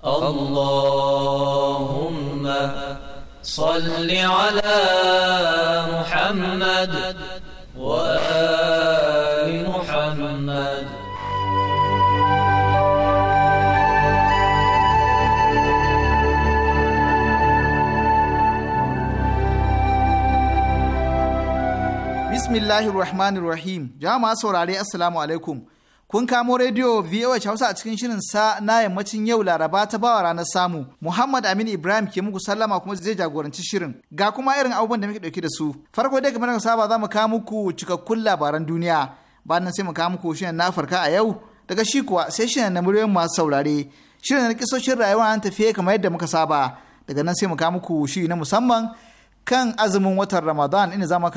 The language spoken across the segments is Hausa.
اللهم صل على محمد وآل محمد بسم الله الرحمن الرحيم جاء ما سوراري السلام عليكم Kun kamo rediyo VOA Hausa a cikin shirin sa na yammacin yau Laraba ta bawa ranar samu. Muhammad Amin Ibrahim ke muku sallama kuma zai jagoranci shirin. Ga kuma irin abubuwan da muke dauke da su. Farko dai kamar saba za mu kawo muku cikakkun labaran duniya. Bayan nan sai mu kawo muku shirin na farka a yau. Daga shi kuwa sai shirin na muryoyin masu saurare. Shirin na kisoshin rayuwa an tafiye kamar yadda muka saba. Daga nan sai mu kawo muku shi na musamman kan azumin watan Ramadan inda za mu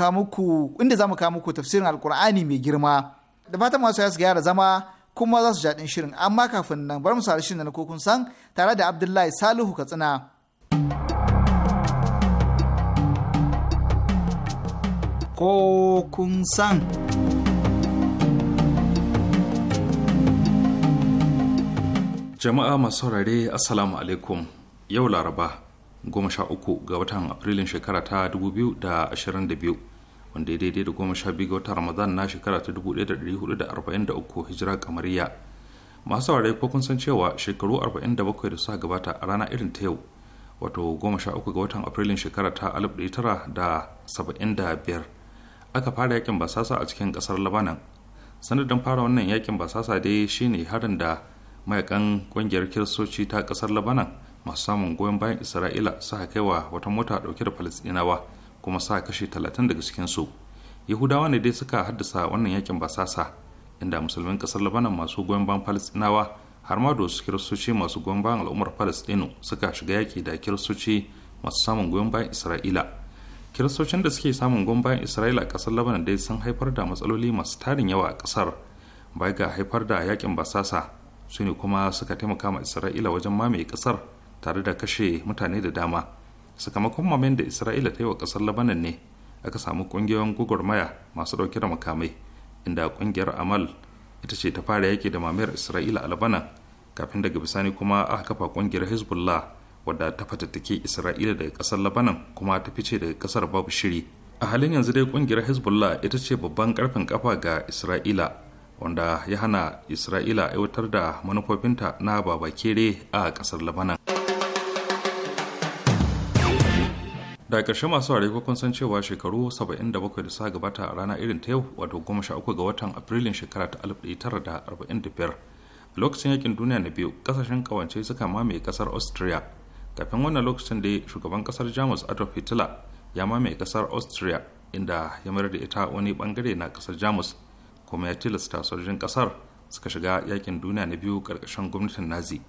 kawo muku tafsirin Alkur'ani mai girma. da fatan masu ya su gyara zama kuma za su ji daɗin shirin amma kafin nan bar mu sari shirin na kokun san tare da abdullahi salihu katsina kokun san jama'a masu saurare assalamu alaikum yau laraba 13 ga watan afrilun shekara ta 2022 wanda ya daidai da goma sha biyu ga watan ramadan na shekara ta 1443 hijira kamariya masu saurare ko kun san cewa shekaru 47 da suka gabata a rana irin ta yau wato goma sha uku ga watan afrilun shekara ta 1975 aka fara yakin basasa a cikin kasar labanan sanadin fara wannan yakin basasa dai shine harin da mayakan kungiyar kiristoci ta kasar labanan masu samun goyon bayan isra'ila suka kai wa wata mota dauke da falastinawa kuma sa kashe talatin daga cikinsu yahudawa ne dai suka haddasa wannan yakin basasa inda musulmin kasar labanan masu goyon bayan falastinawa har ma da wasu kiristoci masu goyon bayan al'ummar falastinu suka shiga yaki da kiristoci masu samun goyon bayan isra'ila kiristocin da suke samun goyon bayan isra'ila a kasar labanan dai sun haifar da matsaloli masu tarin yawa a kasar bai ga haifar da yakin basasa su ne kuma suka taimaka ma isra'ila wajen mamaye kasar tare da kashe mutane da dama sakamakon mamen da isra'ila ta yi wa ƙasar labanan ne aka samu ƙungiyoyin gwagwarmaya masu ɗauke da makamai inda ƙungiyar amal ita ce ta fara yaki da mamayar isra'ila a labanan kafin daga bisani kuma aka kafa ƙungiyar hezbollah wadda ta fatattake isra'ila daga ƙasar labanan kuma ta fice daga ƙasar babu shiri a halin yanzu dai ƙungiyar hezbollah ita ce babban karfin ƙafa ga isra'ila wanda ya hana isra'ila aiwatar da manufofinta na babakere a ƙasar labanan. da ƙarshe masu ware kun san cewa shekaru 77 da sa gabata a rana irin ta yau wato 13 ga watan afrilun shekara ta 1945 a lokacin yakin duniya na biyu kasashen kawance suka mamaye kasar austria kafin wannan lokacin da shugaban kasar jamus adolf hitler ya mamaye kasar austria inda ya mayar da ita wani bangare na kasar jamus kuma ya tilasta sojojin kasar suka shiga yakin duniya na biyu karkashin gwamnatin nazi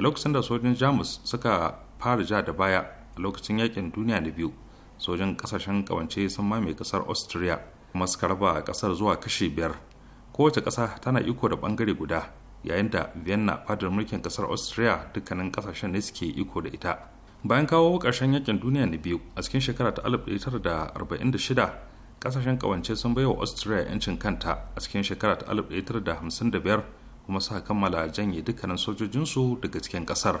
a lokacin da sojojin jamus suka fara ja da baya a lokacin yakin duniya na biyu sojan kasashen kawance sun mamaye kasar austria kuma suka raba kasar zuwa kashi biyar kowace kasa tana iko da bangare guda yayin da vienna fadar mulkin kasar austria dukkanin kasashen ne suke iko da ita bayan kawo ƙarshen yakin duniya na biyu a cikin shekara ta 1946 kasashen kawance sun wa austria yancin kanta a cikin shekara ta 1955 kuma suka kammala janye dukkanin sojojinsu daga cikin kasar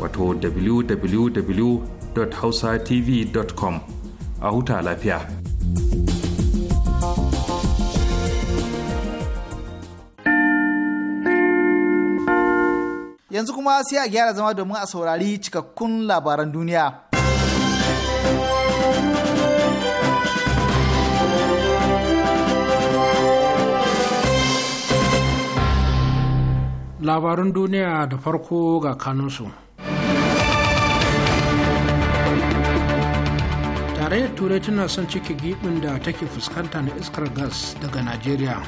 wato www.hausatv.com a huta lafiya. Yanzu kuma sai a gyara zama domin a saurari cikakkun labaran duniya. Labarun duniya da farko ga kanunsu. tarayyar turai tana son ciki giɓin da take fuskanta na iskar gas daga najeriya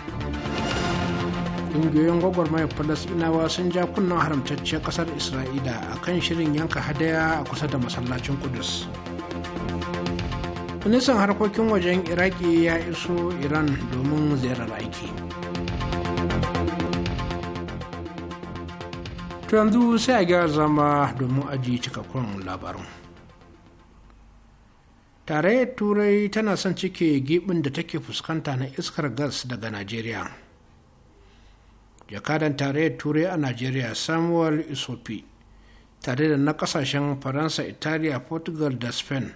ƙungiyoyin gwagwarmayar falasɗinawa sun ja kunnen haramtacciyar ƙasar isra'ila a kan shirin yanka hadaya a kusa da masallacin kudus ministan harkokin wajen iraki ya iso iran domin ziyarar aiki Ta yanzu sai a gyara zama domin ajiye cikakkun labarun. tarayyar turai tana son cike gibin da take fuskanta na iskar gas daga najeriya jakadan tarayyar turai a najeriya samuel isopi tare da na kasashen faransa italiya portugal da spain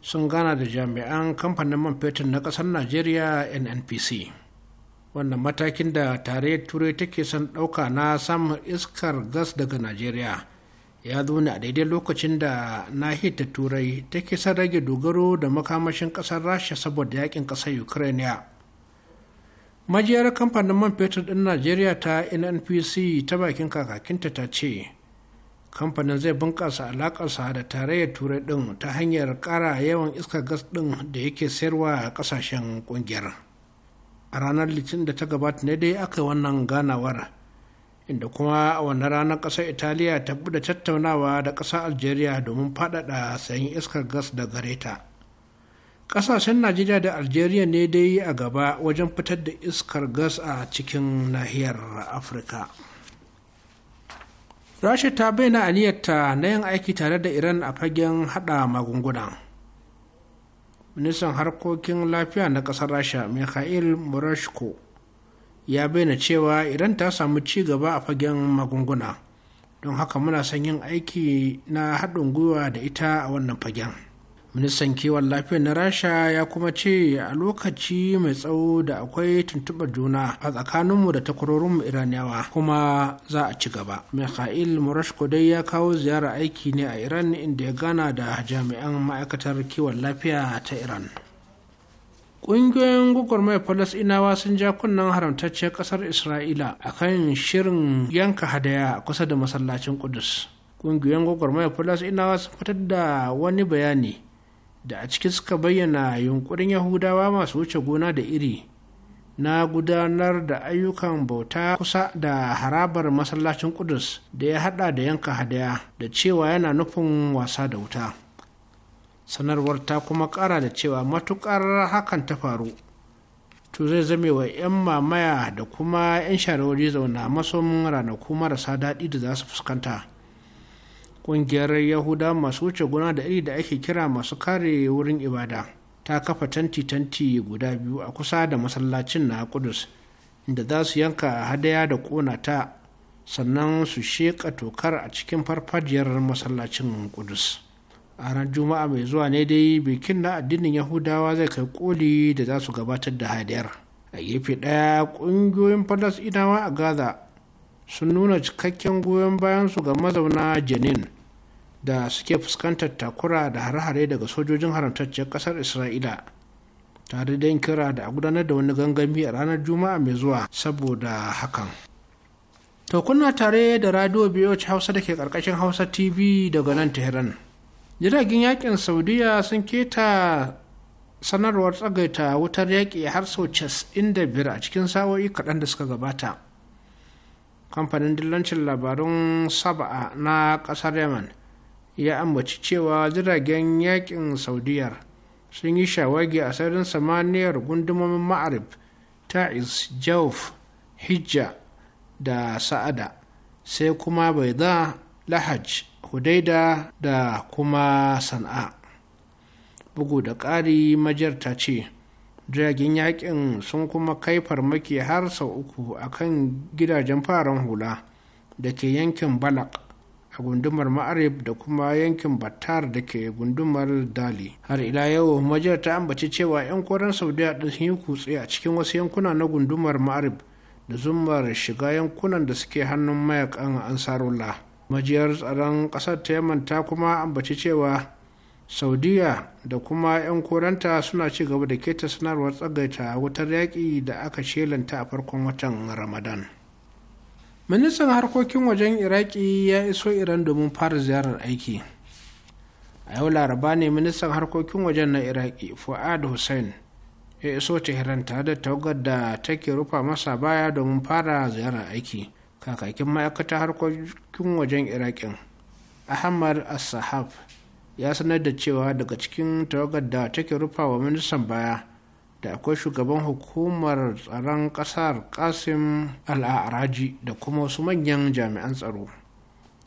sun gana da jami'an kamfanin man fetur na kasar najeriya nnpc wannan matakin da tarayyar turai take son ɗauka na samun iskar gas daga najeriya ya zo ne a daidai lokacin da nahiyar ta turai take son rage dogaro da makamashin kasar rasha saboda yakin kasar ukraine majiyar kamfanin man fetur din najeriya ta nnpc ta bakin kakakinta ta ce kamfanin zai bunkasa alakarsa da tarayyar turai din ta hanyar kara yawan iska gas din da yake sayarwa a kasashen kungiyar a ranar litinin da ta gabata ne dai aka yi wannan ganawar inda kuma a wannan ranar ƙasar italiya ta buɗe tattaunawa da ƙasar algeria domin faɗaɗa sayan iskar gas da gareta ƙasashen najeriya da algeria ne dai a gaba wajen fitar da iskar gas a cikin nahiyar afirka rasha ta bayyana aniyarta na yin aiki tare da iran a fagen haɗa magunguna ministan harkokin lafiya na ƙasar rasha mikhail murashko ya bayyana cewa iran ta samu ci gaba a fagen magunguna don haka muna son yin aiki na haɗin gwiwa da ita a wannan fagen ministan kiwon lafiyar na rasha ya kuma ce a lokaci mai tsawo da akwai tuntuɓar juna a tsakaninmu da takwarorinmu iraniyawa kuma za a ci gaba mikhail murashko dai ya kawo ziyara aiki ne a iran inda ya gana da jami'an ma'aikatar kiwon lafiya ta iran ƙungiyoyin gwagwarmayar falasinawa sun ja kunnen haramtacciyar ƙasar isra'ila a kan shirin yanka hadaya kusa da masallacin kudus ƙungiyoyin gwagwarmayar falasinawa sun fitar da wani bayani da a ciki suka bayyana yunkurin yahudawa masu wuce gona da iri na gudanar da ayyukan bauta kusa da harabar masallacin kudus da ya hada da yanka hadaya da cewa yana nufin wasa da wuta sanarwar ta kuma kara da cewa matukar hakan ta faru to zai zame wa 'yan mamaya da kuma 'yan shawarwari zauna mason ranaku marasa daɗi da za su fuskanta ƙungiyar yahuda masu wuce guna da iri da ake kira masu kare wurin ibada ta kafa tanti-tanti guda biyu a kusa da masallacin na kudus inda za su yanka hadaya da ƙona ta sannan su sheƙa tokar a cikin farfajiyar masallacin kudus. a ranar juma'a mai zuwa ne dai bikin na addinin yahudawa zai kai koli da za su gabatar da hadiyar a gefe ɗaya ƙungiyoyin falasɗinawa a gaza sun nuna cikakken goyon bayan su ga mazauna jenin da suke fuskantar takura da hare-hare daga sojojin haramtacciyar ƙasar isra'ila tare da yin kira da a gudanar da wani gangami a ranar juma'a mai zuwa saboda hakan to kuna tare da radio biyu hausa da ke ƙarƙashin hausa tv daga nan tehran jiragen yakin saudiya sun keta sanarwar tsagaita wutar yaƙi har sau 95 a cikin sa'o'i kaɗan da suka gabata kamfanin dillancin labarun saba'a na ƙasar yaman ya ambaci cewa jiragen yakin saudiyar sun yi shawagi a sararin samaniyar gundumomin ma'arib ta'iz jauf hijja da sa'ada sai kuma bai lahaj hudaida da kuma sana'a bugu da ƙari majiyar ta ce jiragen yakin sun kuma kai farmaki har sau uku a kan gidajen faran hula da ke yankin balak a gundumar ma'arib da kuma yankin battar da ke gundumar dali har ila yau majiyar ta ambaci cewa 'yan koren saudiya sun yi kutse a cikin wasu yankuna na gundumar ma'arib da zumar shiga yankunan da suke hannun mayakan ansarullah majiyar tsaron ƙasar ta yaman ta kuma ambaci cewa saudiya da kuma 'yan koranta suna ci gaba da keta sanarwar tsagaita wutar yaƙi da aka shelanta a farkon watan ramadan ministan harkokin wajen iraki ya iso iran domin fara ziyarar aiki a yau laraba ne ministan harkokin wajen na iraki fuad hussein ya iso tehran tare da tawagar da take rufa masa baya domin fara ziyarar aiki kakakin ma'aikata harkokin wajen iraƙin ahmad as-sahab ya sanar da cewa daga cikin tawagar da take rufa wa ministan baya da akwai shugaban hukumar tsaron ƙasar kasim al'araji da kuma wasu manyan jami'an tsaro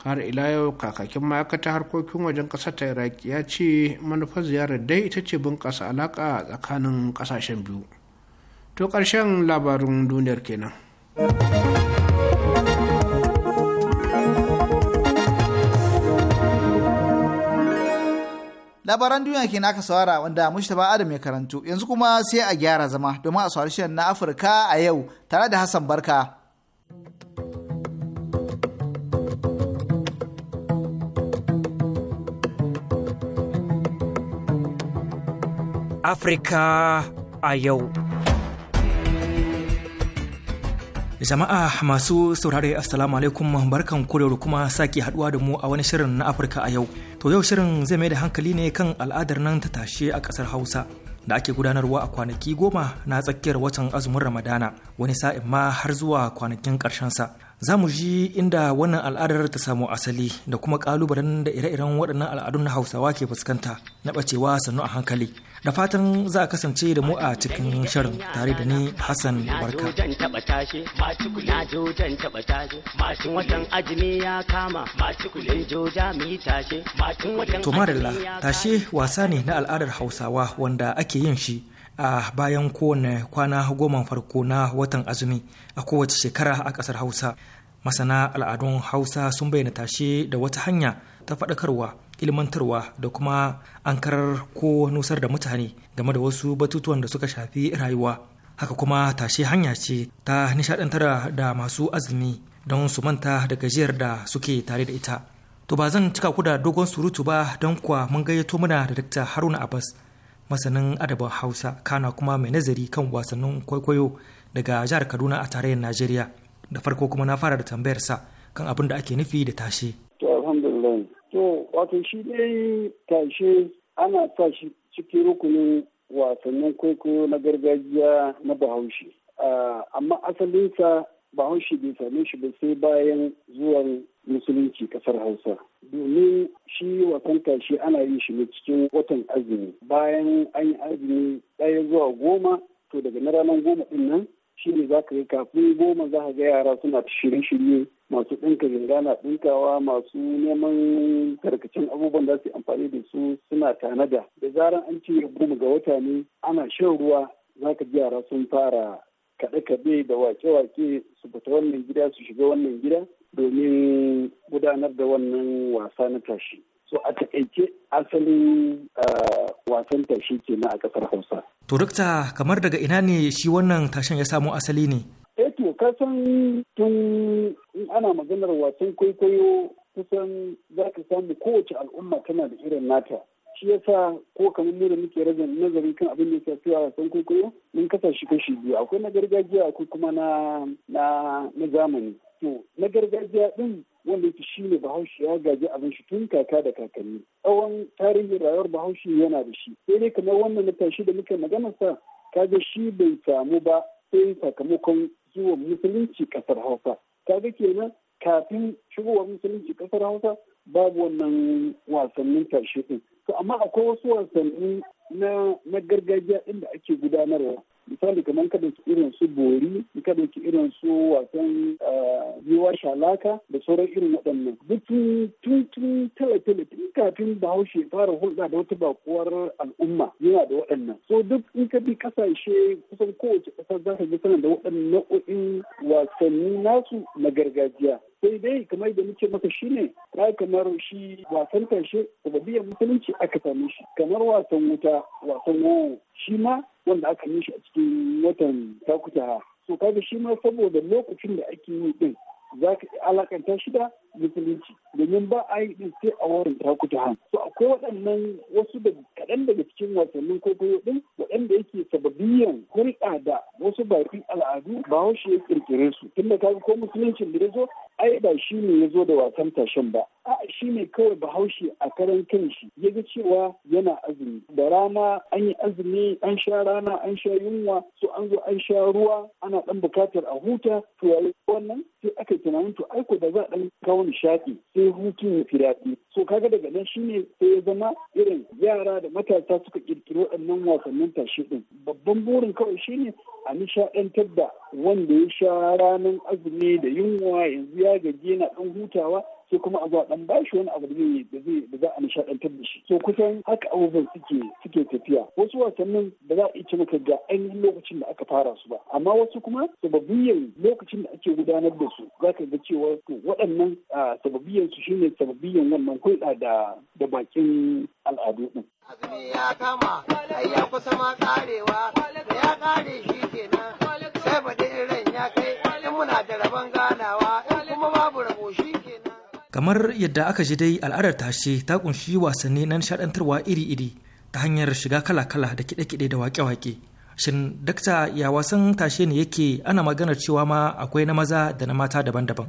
har ila yau kakakin ma'aikata harkokin wajen ƙasar ta iraq ya ce manufar ziyarar dai ita ce bunƙasa alaƙa tsakanin ƙasashen biyu to ƙarshen labarin duniyar kenan labaran duniya ke naka saurara wanda Mustapha Adam ya karantu yanzu kuma sai a gyara zama domin a saurari shirin na Afirka a yau tare da Hassan Barka. Afirka a yau. Jama'a masu saurare Assalamu alaikum barkan da kuma sake haduwa da mu a wani shirin na Afirka a yau. To yau shirin zai mai da hankali ne kan al'adar nan ta tashe a kasar Hausa da ake gudanarwa a kwanaki goma na tsakiyar watan azumin Ramadana wani sa'in ma har zuwa kwanakin karshen sa. za mu ji inda wannan al'adar ta samu asali da kuma kalubalen da ire-iren waɗannan al'adun na hausawa ke fuskanta na ɓacewa sannu a hankali da fatan za a kasance da mu a cikin shirin tare da ni hassan barka to madalla tashe wasa ne na al'adar hausawa wanda ake yin shi a bayan kowane kwana goma farko na watan azumi a kowace shekara a ƙasar hausa masana al'adun hausa sun bayyana tashe da wata hanya ta faɗakarwa ilmantarwa da kuma an karar ko nusar da mutane game da wasu batutuwan da suka shafi rayuwa haka kuma tashe hanya ce ta nishaɗantar da masu azumi don su manta da gajiyar da suke tare da ita to ba zan cika ku da dogon surutu ba don kuwa mun gayyato muna da Dr haruna abbas masanin adabin hausa kana kuma mai nazari kan wasannin kwaikwayo daga jihar kaduna a tarayyar najeriya da farko kuma na fara da tambayar sa kan abin da ake nufi da tashe to alhamdulillah to wato shi ne tashe ana sa shi cikin rukunin wasannin kwaikwayo na gargajiya na bahaushe amma asalinsa bahaushe bai same shi ba sai bayan zuwan musulunci kasar hausa domin shi wasan shi ana yin shi ne cikin watan azumi bayan an yi azumi ɗaya zuwa goma to daga na ranar goma ɗin nan shi ne za ka yi kafin goma za ka ga yara suna shirye-shirye masu ɗinka zinga na ɗinkawa masu neman karkacin abubuwan da su amfani da su suna tanada da zaran an ce goma ga wata ne ana shan ruwa za ka ji yara sun fara kaɗe-kaɗe da wake-wake su fita wannan gida su shiga wannan gida domin gudanar da wannan wasa na tashi. So a takaice asalin ah, wasan tashi ke na a ƙasar Hausa. To Dokta kamar daga ina ne shi wannan tashin ya samo asali ne? Eh to kasan tun ana maganar wasan kwaikwayo kusan za ka samu kowace al'umma tana da irin nata. shi yasa ko kamar mu muke rage nazari kan abin da ya shafi wasan kwaikwayo mun kasa shi kashi biyu akwai na gargajiya akwai kuma na na zamani to na gargajiya din wanda yake shi ne bahaushe ya gaji abin shi tun kaka da kakanni tsawon tarihin rayuwar bahaushe yana da shi sai dai kamar wannan na tashi da muke magana sa kaga shi bai samu ba sai sakamakon zuwa musulunci kasar hausa kaga kenan kafin shigowar musulunci kasar hausa babu wannan wasannin tashi din to amma akwai wasu wasanni na gargajiya da ake gudanarwa misali kamar ka dauki irin su bori ka dauki irin su wasan yiwa eh, shalaka da sauran irin waɗannan duk tun tun tele tun kafin bahaushe fara hulɗa da wata bakuwar al'umma yana da waɗannan so duk in ka bi kasashe kusan kowace ƙasa za ka ji tana da waɗannan nau'o'in wasanni nasu na gargajiya sai dai kamar da muke maka shine Ya kamar shi wasan tashe da musulunci aka same shi kamar wasan wuta wasan wawo shi ma wanda aka yi shi a cikin watan takuta so kaga shi ma saboda lokacin da ake yi din za ka alakanta shi da musulunci domin ba a yi din sai a warin takuta han to akwai waɗannan wasu da kaɗan daga cikin wasannin kwaikwayo din waɗanda yake sababiyan hulɗa da wasu bakin al'adu ba wasu ya kirkire su tun da kaga ko musuluncin da ya zo ai ba shi ne ya zo da wasan tashin ba a shi ne kawai bahaushe a karan kanshi ya ga cewa yana azumi da rana an yi azumi an sha rana an sha yunwa so an zo an sha ruwa ana dan bukatar a huta to yayi wannan sai aka tunanin to aiko da za a ɗan kawo kawo nishaɗi sai hutu ya fi daɗi so kaga daga nan shine sai ya zama irin yara da matasa suka kirkiro waɗannan wasannin tashe ɗin babban burin kawai shine a nishaɗantar da wanda ya sha ranar azumi da yunwa yanzu ya gaji yana ɗan hutawa sai kuma a zuwa dan bashi wani abu da zai da za a nishaɗantar da shi so kusan haka abubuwan suke suke tafiya wasu wasannin da za a iya maka ga ainihin lokacin da aka fara su ba amma wasu kuma sababbiyan lokacin da ake gudanar da su za ka ga cewa to waɗannan sababbiyan su shine sababbiyan wannan hulɗa da da bakin al'adu din ya kama ya kusa ma karewa da ya kare kai in muna da ganawa in kuma babu rabo shi kenan kamar yadda aka ji dai al'adar tashe ta kunshi wasanni na nishadantarwa iri-iri ta hanyar shiga kala-kala da kide-kide da wake-wake shin dakta ya wasan tashe ne yake ana maganar cewa ma akwai na maza da na mata daban-daban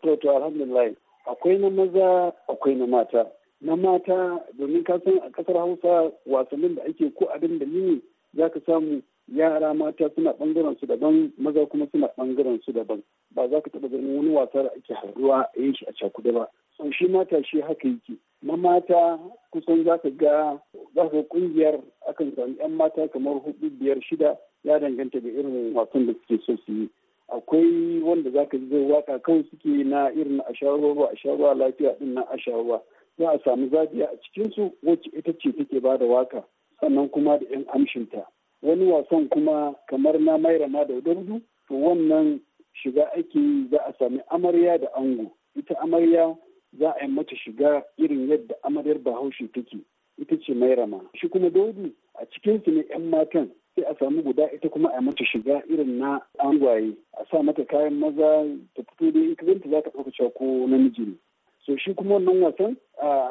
to to alhamdulillah akwai na maza akwai na mata na mata domin ka san a kasar hausa wasannin da ake ko abin da yini za ka samu yara mata suna bangaren su daban maza kuma suna bangaren su daban ba za ka taba ganin wani wasa da ake haruwa a yin shi a cakuda ba so shi mata shi haka yake na mata kusan za ka ga za ka kungiyar akan sami yan mata kamar hudu biyar shida ya danganta da irin wasan da suke so su yi akwai wanda za ka ji zai waka kawai suke na irin a shawarwa a shawarwa lafiya din na a shawarwa za a samu zabiya a cikinsu wacce ita ce take ba da waka sannan kuma da yan amshinta wani wasan kuma kamar na maira ma da wadardu to wannan shiga ake yi za a sami amarya da ango ita amarya za a yi mata shiga irin yadda amaryar bahaushe take ita ce mairama shi kuma dodi a cikinsu ne 'yan matan sai a sami guda ita kuma a mata shiga irin na angwaye a sa mata kayan maza ta fito da ita zanta za ka ɗauka cewa ko namiji ne so shi kuma wannan wasan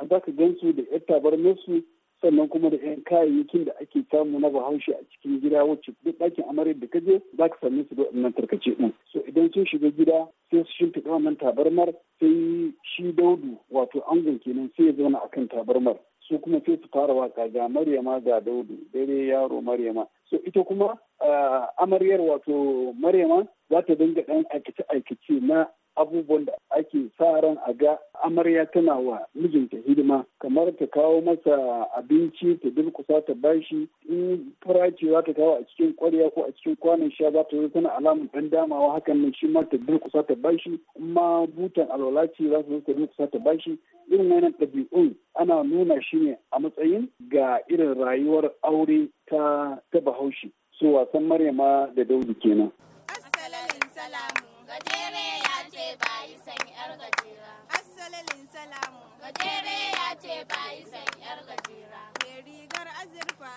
za ka gan su da yar su sannan kuma da 'yan kayayyakin da ake samu na bahaushe a cikin gida wacce duk ɗakin amaryar da ka je za ka same su da wannan tarkace ɗin so idan sun shiga gida sai su shimfiɗa wannan tabarmar sai shi daudu wato angon kenan sai ya zauna akan tabarmar su kuma sai su fara waka ga maryama ga daudu dare yaro maryama so ita kuma ah, amaryar wato maryama za ta dinga ɗan aikace-aikace na abubuwan da ake sa ran a ga amarya tana wa mijinta hidima kamar ta kawo masa abinci ta durkusa ta bashi in farace za ta kawo a cikin kwarya ko a cikin kwanan sha za ta zo tana alamun dan damawa hakan nan shi ma ta durkusa ta bashi ma butan alwala ce za ta zo ta durkusa ta bashi irin wannan ɗabi'un ana nuna shi ne a matsayin ga irin rayuwar aure ta ta bahaushe su wasan maryama da daudi kenan gajera. salamu. Gajere ya azurfa. Gajere. azurfa.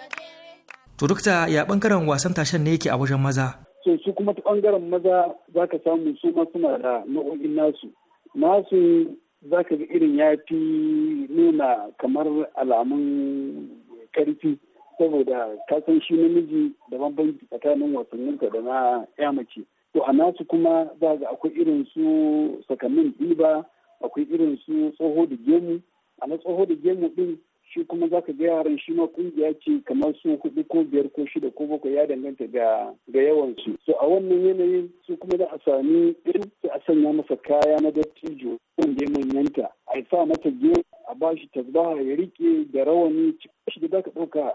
Gajere. To dukta ya bangaren wasan tashen ne yake a wajen maza. So su kuma ta bangaren maza za ka samu su ma suna da nau'o'in nasu. Nasu za ka ga irin ya fi nuna kamar alamun karfi. saboda kasan shi namiji da bambanci tsakanin wasanninka da na ya mace to a nasu kuma za ga akwai irin su sakamin diba akwai irin su tsoho da gemu a na tsoho da gemu din shi kuma za ka ga yaran shi ma kungiya ce kamar su hudu ko biyar ko shida ko bakwai ya danganta ga ga yawan su so a wannan yanayin su kuma za a sami irin su a sanya masa kaya na dattijo kan gemun yanta a sa mata gemu a bashi tasbaha ya rike da rawani cikin shi da za ka ɗauka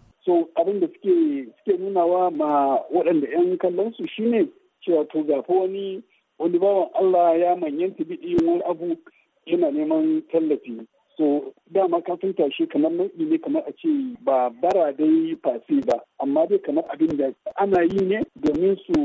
so abin da suke suke nunawa ma waɗanda 'yan kallon su shine cewa to ga wani wani bawan Allah ya manyanta biɗi wani abu yana neman tallafi so dama ka sun tashi kamar nau'i ne kamar a ce ba bara dai fasi ba amma dai kamar abin da ana yi ne domin su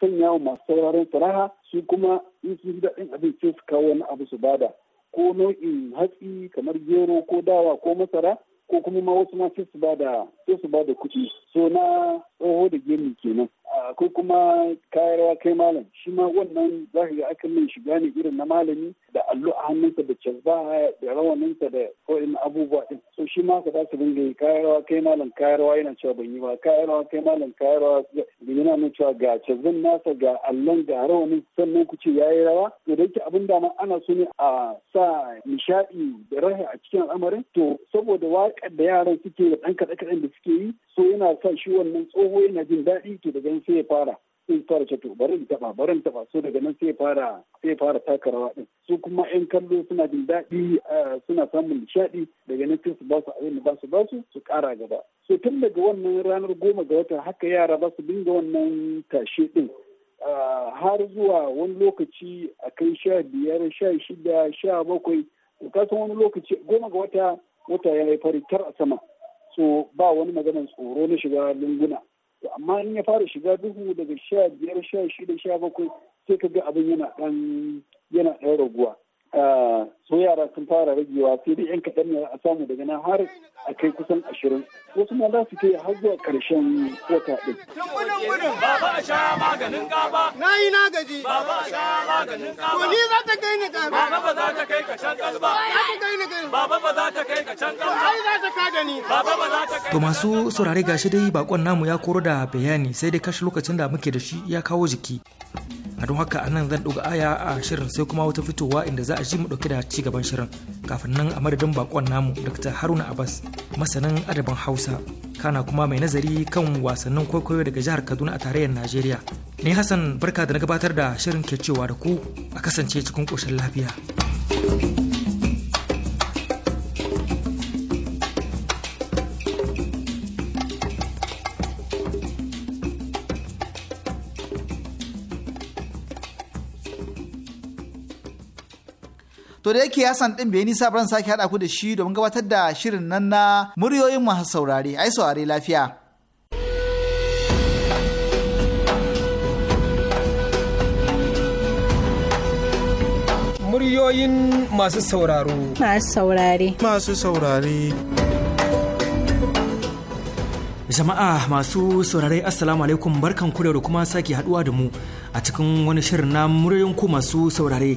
sanya wa masu sauraron faraha su kuma in sun ji daɗin abin sai su kawo wani abu su bada ko nau'in hatsi kamar gero ko dawa ko masara ko kuma ma wasu ma sai su ba da sai su ba da kuɗi so na tsoho da gemu kenan ko kuma kayarwa kai malam shi ma wannan za ka ga akan shiga ne irin na malami da allo a hannunsa da cazba da rawaninsa da ko'in abubuwa din so shi ma ka za su dinga yi kayarwa kai malam kayarwa yana cewa ban yi ba kayarwa kai malam kayarwa da yana nan cewa ga cazban nasa ga allon ga rawanin sannan ku ce ya yi rawa to da yake abin da ana so ne a sa nishaɗi da rahe a cikin al'amarin to saboda waƙar da yaran suke da ɗan kaɗe-kaɗen da suke yi so yana sa shi wannan tsoho yana jin daɗi to daga sai ya fara sun fara bari taba bari taba so daga nan sai fara sai fara taka rawa din su kuma yan kallo suna jin daɗi eh, suna samun nishaɗi daga nan sai su ba su abin da ba su ba su su gaba so tun daga wannan ranar goma ga wata haka yara ba su dinga wannan tashe din ah, har zuwa wani lokaci a kai sha biyar sha shida sha bakwai kasan wani lokaci goma ga wata wata ya yi fari tar a sama so ba wani maganar tsoro na shiga lunguna to amma in ya fara shiga duhu daga sha biyar sha shida sha bakwai sai ka ga abin yana ɗan yana ɗan raguwa Eh, su yara sun fara ragewa sai dai yan kaɗan ne a samu daga nan har a kai kusan ashirin wasu ma za su kai har zuwa ƙarshen wata ɗin. Tun gudun gudun ba ba a sha maganin ƙaba. Na yi na gaji. Ba ba a sha maganin ƙaba. To ni za ta kai ni ƙaba. Baba ba za ta kai ka can ƙas ba. Za ta kai ni ƙas. Baba ba za ta kai ka can ƙas ba. Ai za ta ka ni. Baba ba za ta kai. To masu saurare gashi dai bakon namu ya koro da bayani sai dai kashi lokacin da muke da shi ya kawo jiki. a don haka anan zan ɗuga aya a shirin sai kuma wata fitowa inda za a ji mu ɗauke da ci gaban shirin kafin nan a madadin bakon namu dr haruna abbas masanin adabin hausa kana kuma mai nazari kan wasannin kwaikwayo daga jihar kaduna a tarayyar najeriya ni hassan barka da na gabatar da shirin ke cewa da ku a kasance cikin koshin lafiya thank you To da yake Hassan din bai nisa ban sake haɗa ku da shi domin gabatar da shirin nan na muryoyin masu saurare. Ai saurare lafiya. Muryoyin masu sauraro. Masu saurare. Masu saurare. Jama'a masu saurare Assalamu alaikum barkan ku da kuma sake haduwa da mu a cikin wani shirin na muryoyin ku masu saurare.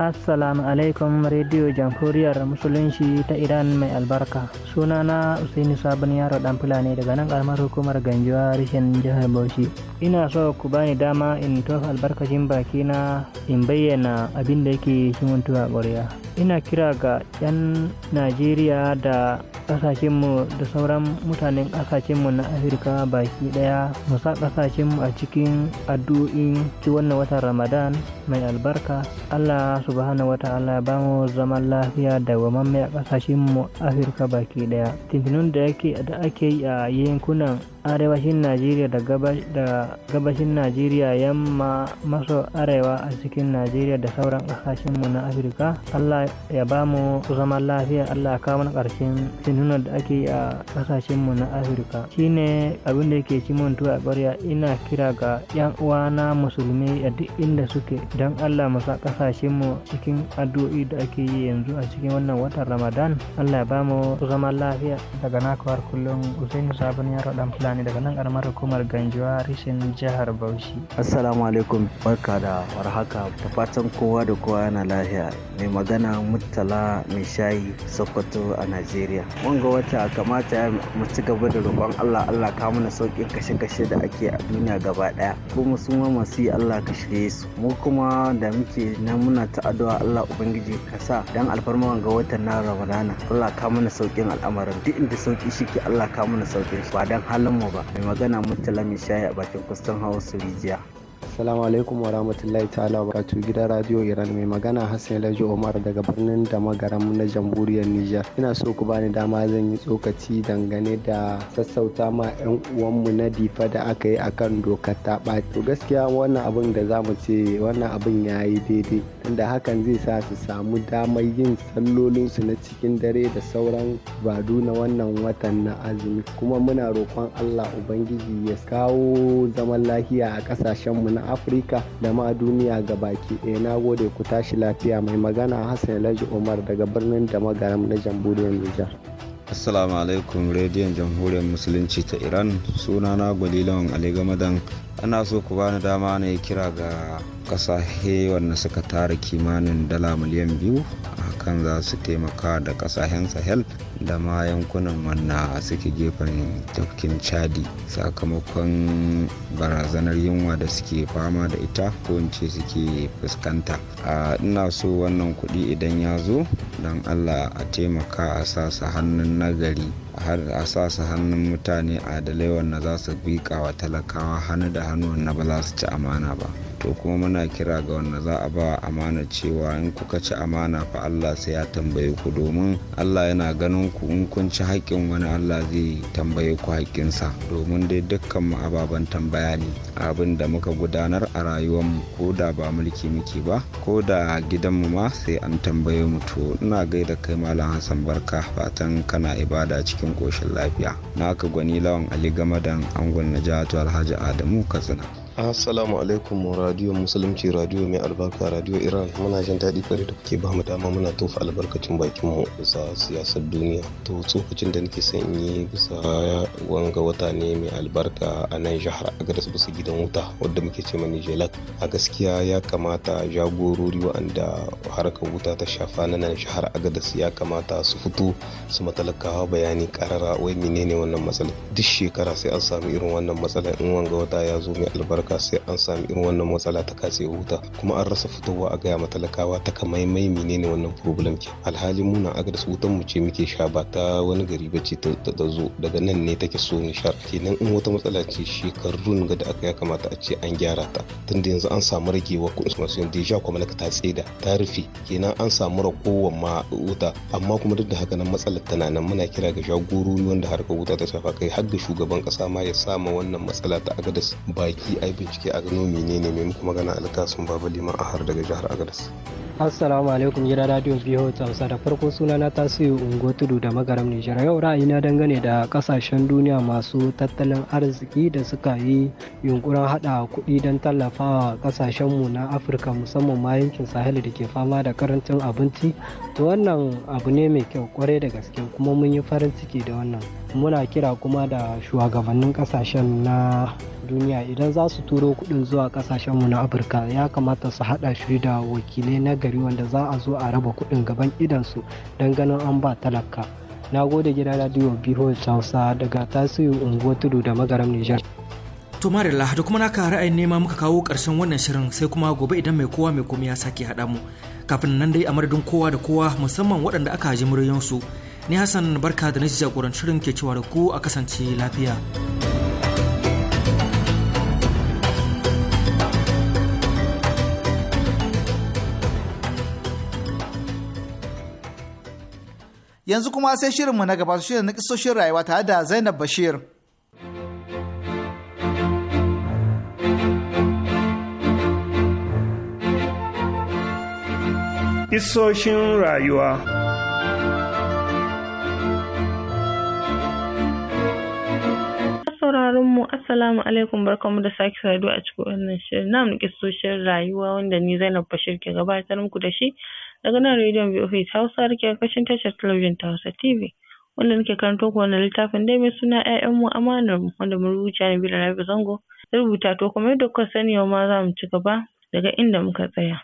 assalamu alaikum rediyo jamhuriyar musulunci ta iran mai albarka sunana usaini sabon yaro dan fulani daga nan karamar hukumar ganjuwa rishin jihar bauchi ina so ku bani dama in tofa albarkacin baki na in bayyana abin da yake shimuntuwa ƙwarya ina kira ga 'yan najeriya da ƙasashenmu da sauran mutanen ƙasashenmu na afirka baki ɗaya, mu sa a cikin addu'in ci wannan watan ramadan mai albarka allah subhanahu ta'ala ya bamu zaman lafiya da gwamamme a kasashen mu afirka baki daya tuntunin da ake yi a yankunan arewacin najeriya da gabashin najeriya yamma maso arewa a cikin najeriya da sauran mu na afirka allah ya ba mu zaman lafiya allah kawo mana karshen sinuna da ake a kasashen mu na afirka shine abin da yake ci mun a ƙwarya ina kira ga yan uwana musulmi a duk inda suke don allah mu sa mu cikin addu'o'i da ake yi yanzu a cikin wannan watan ramadan allah ya ba mu zaman lafiya daga nakawar kullum usaini sabon yaro dan Sani daga nan karamar hukumar Ganjuwa rishin jihar Bauchi. Assalamu alaikum barka da warhaka ta fatan kowa da kowa yana lafiya mai magana Murtala mai shayi Sokoto a Najeriya. ga wata kamata mu ci gaba da roƙon Allah Allah ka mana sauƙin kashe-kashe da ake a duniya gaba ɗaya. ko su ma masu yi Allah ka shirye su. Mu kuma da muke nan muna addu'a Allah Ubangiji ka sa dan alfarma ga watan na Ramadana. Allah ka mana sauƙin al'amarin duk inda sauƙi shi ke Allah ka mana sauƙin ba dan halin mu ba mai magana murtala mai shayi a bakin kustan house rijiya Assalamu alaikum wa rahmatullahi ta'ala wa barakatu gidan radio Iran mai magana Hassan alhaji Omar daga birnin da magaram na jamhuriyar Nijar. Ina so ku bani dama zan yi tsokaci dangane da sassauta ma 'yan uwanmu na difa da aka yi akan dokar ta ɓaci. To gaskiya wannan abin da za mu ce wannan abin ya yi daidai. Tunda hakan zai sa su samu damar yin sallolinsu na cikin dare da sauran badu na wannan watan na azumi. Kuma muna roƙon Allah Ubangiji ya kawo zaman lafiya a ƙasashenmu na afirka da ma duniya ga baki ɗaya na gode ku tashi lafiya mai magana hassan laji umar daga birnin da magaram na jamhuriyar nijar assalamu alaikum rediyon jamhuriyar musulunci ta iran sunana gwalilan aligamadan ana so ku bani dama na yi kira ga kasashe wanda suka tara kimanin dala miliyan biyu a kan za su taimaka da kasashen sahel da ma yankunan wanda suke gefen tafkin chadi sakamakon barazanar yunwa da suke fama da ita ko ce suke fuskanta a ina so wannan kuɗi idan ya zo don allah a taimaka a sa hannun nagari har a sa su hannun mutane adalai wanda za su miƙa wa talakawa hannu da hannu wanda ba za su ci amana ba to kuma muna kira ga wanda za a ba amana cewa in kuka ci amana fa Allah sai ya tambaye ku domin Allah yana ganin ku in kun ci haƙƙin wani Allah zai tambaye ku haƙƙinsa domin dai dukkan mu ababen tambaya ne abin da muka gudanar a rayuwar mu ko da ba mulki muke ba ko da mu ma sai an tambaye mu to ina gaida kai malam Hassan barka fatan kana ibada cikin koshin lafiya naka gwani lawan Ali Gamadan angon Najatu Alhaji Adamu Katsina Assalamu alaikum radio musulunci radio mai albarka radio Iran muna jin daɗi kwarai da kuke bamu dama muna tofa albarkacin bakin mu bisa siyasar duniya to tsofacin da nake son yi bisa wanga wata ne mai albarka a nan jihar Agadas bisa gidan wuta wadda muke ce mani Jelak a gaskiya ya kamata jagorori wanda harkar wuta ta shafa na nan jihar Agadas ya kamata su fito su matalakawa bayani karara wai menene wannan matsala duk shekara sai an samu irin wannan matsala in wanga wata ya zo mai albarka talaka sai an sami irin wannan matsala ta katse wuta kuma an rasa fitowa a gaya ma talakawa ta kamaimai menene wannan problem ke alhali mu na su wutan mu ce muke sha ba ta wani gari ba ce ta zo daga nan ne take so mu sha kenan in wata matsala ce shekarun ga da aka ya kamata a ce an gyara ta tunda yanzu an samu ragewa kuɗin masu deja kuma ta tseda ta rufe kenan an samu ragowar ma wuta amma kuma duk da haka nan matsalar tana nan muna kira ga shagorori wanda harkar wuta ta shafa kai har da shugaban kasa ma ya sa ma wannan matsala ta agadas baki ai bincike a gano menene mai muku magana alkasun baba liman har daga jihar agadas assalamu alaikum gidan radio biyu hausa da farko suna na tasiri ungo tudu da magaram nijar yau ra'ayina dangane da kasashen duniya masu tattalin arziki da suka yi yunkurin hada kuɗi don tallafawa mu na afirka musamman ma yankin sahel da ke fama da karancin abinci to wannan abu ne mai kyau kwarai da gaske kuma mun yi farin ciki da wannan muna kira kuma da shugabannin kasashen na duniya idan za su turo kudin zuwa mu na afirka ya kamata su hada shi da wakilai na gari wanda za a zo a raba kudin gaban idansu don ganin an ba talaka na gode gidan radio biyu hausa daga tasiri unguwar tudu da magaram nijar To Marilla da kuma naka ra'ayin nema muka kawo ƙarshen wannan shirin sai kuma gobe idan mai kowa mai komai ya sake hada mu. Kafin nan dai a madadin kowa da kowa musamman waɗanda aka ji muryoyinsu. Ni Hassan barka da na jagorancin shirin ke cewa da ku a kasance lafiya. yanzu kuma sai shirinmu na gaba shirin na kisoshin rayuwa tare da Zainab Bashir. Isoshin rayuwa mu, assalamu alaikum barkanmu da sake saduwa a cikin wannan shirin na kisoshin rayuwa wanda ni Zainab Bashir ke gabatar muku da shi daga nan rediyon VOH Hausa da ke ƙarƙashin tashar talabijin ta Hausa TV. Wanda nake karanto ku wannan littafin dai mai suna mu amanar mu wanda mun rubuta bila Rabi Zango ya rubuta to kamar yadda kuka sani yau ma za mu ci gaba daga inda muka tsaya.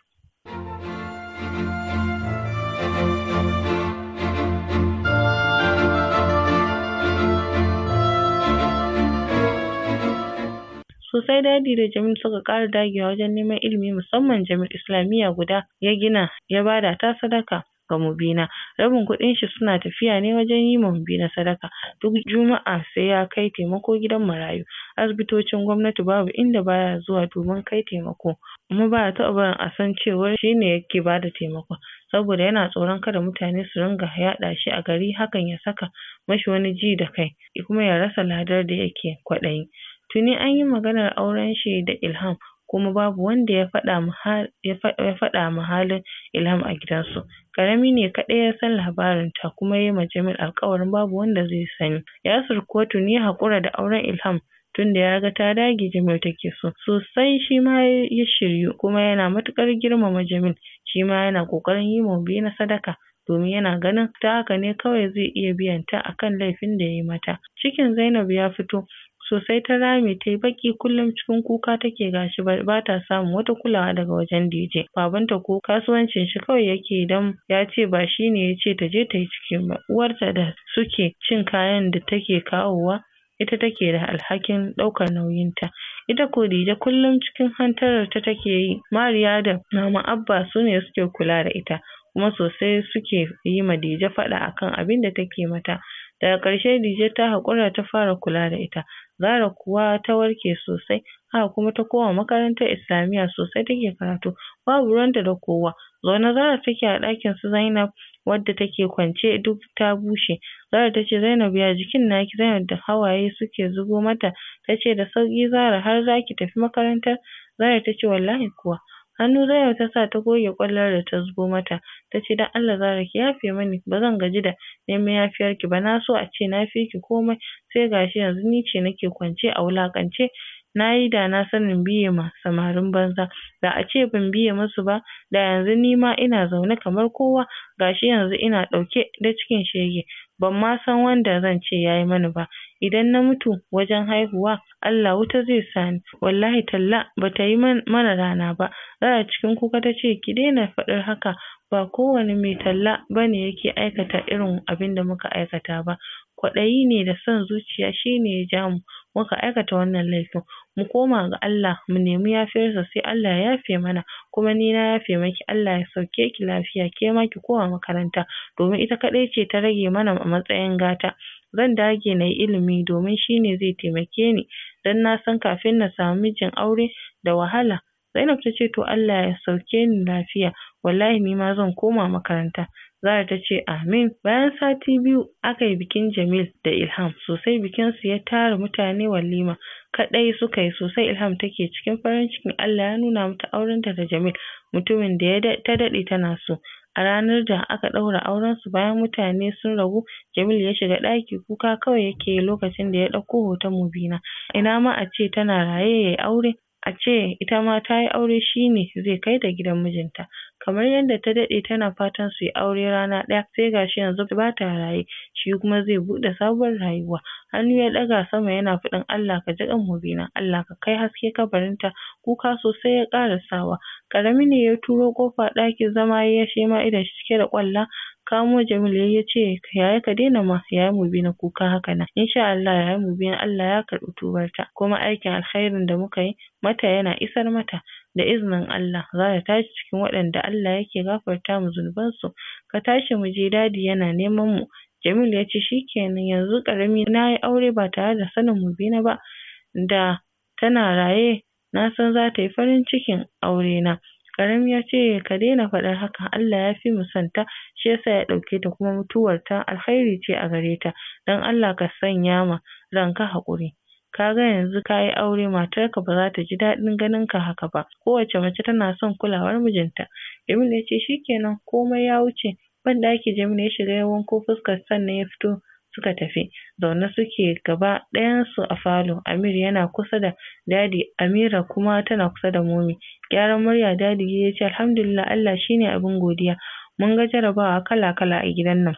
Sosai Dadi da Jamil suka ƙara dagewa wajen neman ilimi musamman Jamil Islamiyya guda ya gina ya bada ta sadaka ga Mubina. Rabin kuɗin shi suna tafiya ne wajen yi ma Mubina sadaka. Duk Juma'a sai ya kai taimako gidan marayu. Asibitocin gwamnati babu inda baya zuwa domin kai taimako. Kuma baya taɓa barin a san cewar shi ne yake bada taimako. saboda yana tsoron kada mutane su ringa yaɗa shi a gari hakan ya saka mashi wani ji da kai kuma ya rasa ladar da yake kwaɗayi. Tuni an yi maganar auren shi da Ilham kuma babu wanda ya faɗa ma halin Ilham a gidansu. Ƙarami ne kaɗai ya san labarin ta kuma ya yi ma Jamil alkawarin babu wanda zai sani. Yasir kuwa tuni ya haƙura da auren Ilham tunda ya ga ta dage Jamil take so. Sosai shi ma ya shiryu kuma yana matuƙar girmama Jamil, shi ma yana ƙoƙarin yi ma na sadaka. domin yana ganin ta haka ne kawai zai iya biyan ta akan laifin da ya yi mata. Cikin Zainab ya fito sosai ta rame ta yi baki kullum cikin kuka take gashi ba ta samun wata kulawa daga wajen DJ. Babanta ko kasuwancin shi kawai yake dan ya ce ba shi ne ya ce ta je ta yi ciki ba. Uwarta da suke cin kayan da take kawowa ita take da alhakin ɗaukar nauyinta. Ita ko Dije kullum cikin hantarar ta take yi. Mariya da Mama Abba su ne suke kula da ita kuma sosai suke yi ma Dije faɗa akan abin da take mata. Daga ƙarshe Dije ta haƙura ta fara kula da ita, zara kuwa ta warke sosai, haka kuma ta koma makarantar Islamiyya sosai take karatu, babu ruwanta da kowa. Zaune zara take a ɗakin su Zainab wadda take kwance duk ta bushe. zara ta ce Zainab ya jikin naki? Zainab da hawaye suke zubo mata ta ce da sauƙi zara har za ki tafi makarantar? zara ta ce wallahi kuwa. Hannu Zainab ta sa ta goge ƙwallon da ta zubo mata, ta ce don Allah Zara ki yafe mani, ba zan gaji da neman ki ba, na so a ce na fi ki komai, sai gashi shi yanzu ni ce nake kwance a wulaƙance. Na yi da na sanin biye ma samarin banza, da a ce ban biye musu ba, da yanzu ni ma ina zaune kamar kowa, gashi yanzu ina ɗauke da cikin shege, ban ma san wanda zan ce ya yi mani ba. idan na mutu wajen haihuwa Allah wuta zai sani wallahi talla bata yi mana rana ba Raya cikin kuka tace ki daina faɗar haka ba kowane mai talla bane yake aikata irin abin da muka aikata ba kwaɗayi ne da son zuciya shi ne ya ja mu muka aikata wannan laifin mu koma ga Allah mu nemi yafiyarsa sai Allah ya yafe mana kuma ni na yafe maki Allah ya sauke ki lafiya kema ki koma makaranta domin ita kaɗai ce ta rage mana a matsayin gata Zan dage na yi ilimi domin shine zai taimake ni, don nasan kafin na samu mijin aure da wahala. Zainab ta ce to Allah ya sauke ni lafiya, wallahi nima zan koma makaranta. Zara tace amin. Bayan sati biyu aka bikin Jamil da Ilham sosai bikinsu ya tara mutane walima kaɗai suka yi sosai Ilham take cikin farin cikin Allah ya nuna mata aurenta da Jamil mutumin da ta daɗe tana so. A ranar da aka ɗaura aurensu bayan mutane sun ragu, Jamilu ya shiga ɗaki kuka kawai yake yi lokacin da ya ɗauko hoton Mubina. Ina ma a tana raye yayi aure. a ce ita ma tayi aure shi ne zai kai ta gidan mijinta. Kamar yadda ta daɗe tana fatan su yi aure rana ɗaya sai gashi yanzu bata raye shi kuma zai buɗe sabuwar rayuwa. Hannu ya ɗaga sama yana faɗin Allah ka ji ƙan mubina, Allah ka kai haske kabarinta, kuka sosai ya ƙara sawa. Ƙarami ne ya turo ƙofar ɗakin zama ya yi shi shi cike da ƙwalla. kamo Jamil ya ce yaya ka daina ma yaya mu bi na kuka haka nan insha Allah yaya mu bi Allah ya karɓi tubarta kuma aikin alkhairin da muka yi mata yana isar mata da iznin Allah za ta tashi cikin waɗanda Allah yake gafarta mu zunubansu ka tashi mu je dadi yana neman mu Jamil ya ce shikenan yanzu ƙarami na yi aure ba tare da sanin mu bi na ba da tana raye na san za ta yi farin cikin aure na Karim ya ce ka daina faɗar hakan Allah ya fi mu santa shi yasa ya ɗauke ta kuma mutuwar ta alkhairi ce a gare ta don Allah ka sanya ma ranka haƙuri. Ka ga yanzu ka yi aure matarka ba za ta ji daɗin ganin ka haka ba kowace mace tana son kulawar mijinta. Jamilu ya ce shikenan komai ya wuce banɗaki Jamilu ya shiga ya wanko fuskar sannan ya fito suka tafi zaune suke gaba ɗayansu a falo Amir yana kusa da dadi Amira kuma tana kusa da momi gyaran murya dadi ya ce alhamdulillah Allah shine abin godiya mun ga jarabawa kala kala a gidan nan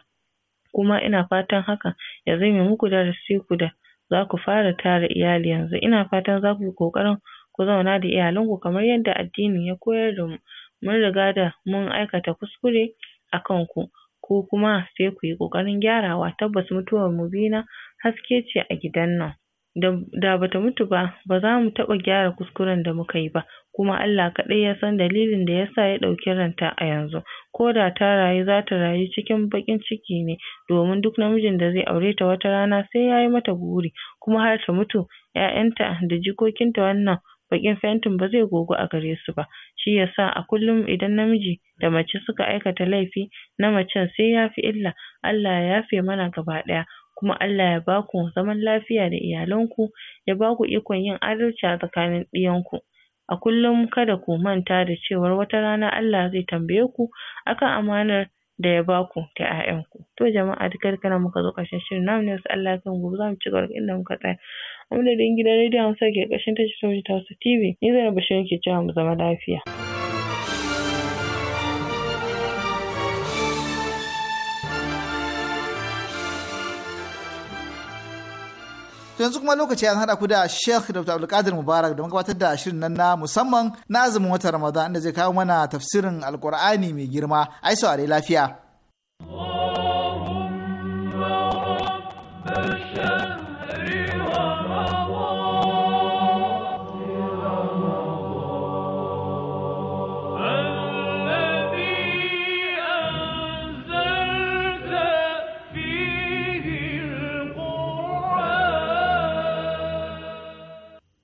kuma ina fatan hakan ya zame muku darasi ku da za ku fara tara iyali yanzu ina fatan za ku yi ƙoƙarin ku zauna da ku kamar yadda addini ya koyar da mu mun riga da mun aikata kuskure a kanku. ku ko kuma sai ku yi ƙoƙarin gyarawa tabbas mutuwar Mubina haske ce a gidan nan da bata mutu ba ba za mu taɓa gyara kuskuren da muka yi ba kuma Allah kaɗai ya san dalilin da ya sa ya ɗauki ranta a yanzu ko da ta rayu za ta rayu cikin baƙin ciki ne domin duk namijin da zai aure ta wata rana sai ya yi mata buri, kuma har ta mutu 'ya'yanta da jikokinta wannan baƙin fentin ba zai gogu a gare su ba shi yasa a kullum idan namiji da mace suka aikata laifi na macen sai yafi illa Allah ya yafe mana gaba ɗaya kuma Allah ya baku zaman lafiya da iyalanku ya baku ikon yin adalci a tsakanin ɗiyanku a kullum kada ku manta da cewar wata rana Allah zai tambaye ku akan amanar da ya baku ta ƴaƴanku to jama'a duka duka muka zo ƙarshen shirin namu ne Allah ya kan gobe zamu ci gaba inda muka tsaya amadadin madadin gidan rediyon Hausa ke ƙarshen tashi talabijin ta Hausa TV ni zai Bashir ke cewa mu zama lafiya. To yanzu kuma lokaci an haɗa ku da Sheikh Dr. Abdulkadir Mubarak da gabatar da shirin nan na musamman na azumin watan Ramadan da zai kawo mana tafsirin Alƙur'ani mai girma. Ai saurari lafiya.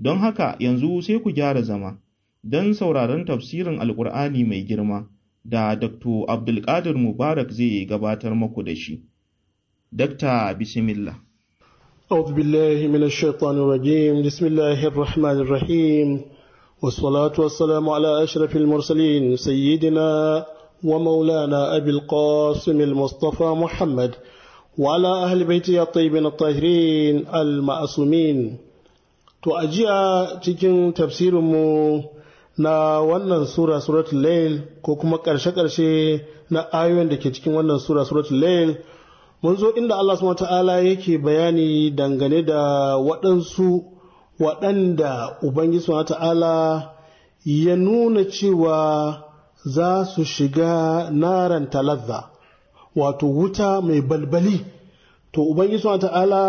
Don haka yanzu sai ku gyara zama don sauraron tafsirin Alƙur'ani mai girma da Dr. Abdulkadir Mubarak zai gabatar maku da shi. dr Bismillah. أعوذ بالله من الشيطان الرجيم بسم الله الرحمن الرحيم والصلاة والسلام على أشرف المرسلين سيدنا ومولانا أبي القاسم المصطفى محمد وعلى أهل بيته الطيبين الطاهرين المعصومين To a jiya cikin tafsirinmu na wannan sura suratul lail ko kuma ƙarshe-ƙarshe na ayoyin da ke cikin wannan sura suratul lail mun zo inda Allah subhanahu ta'ala yake bayani dangane da waɗansu waɗanda Ubangiji subhanahu ta'ala ya nuna cewa za su shiga naran talazza wato wuta mai balbali to Ubangiji subhanahu ta'ala